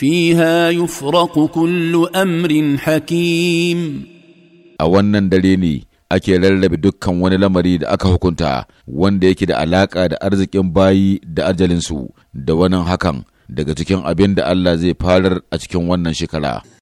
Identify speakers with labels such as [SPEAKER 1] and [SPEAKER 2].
[SPEAKER 1] فيها يفرق كل أمر حكيم
[SPEAKER 2] أولا دليني ake rarrabe dukkan wani lamari da aka hukunta wanda yake da alaƙa da arzikin bayi da ajalinsu da wani hakan daga cikin abin da Allah zai farar a cikin wannan shekara.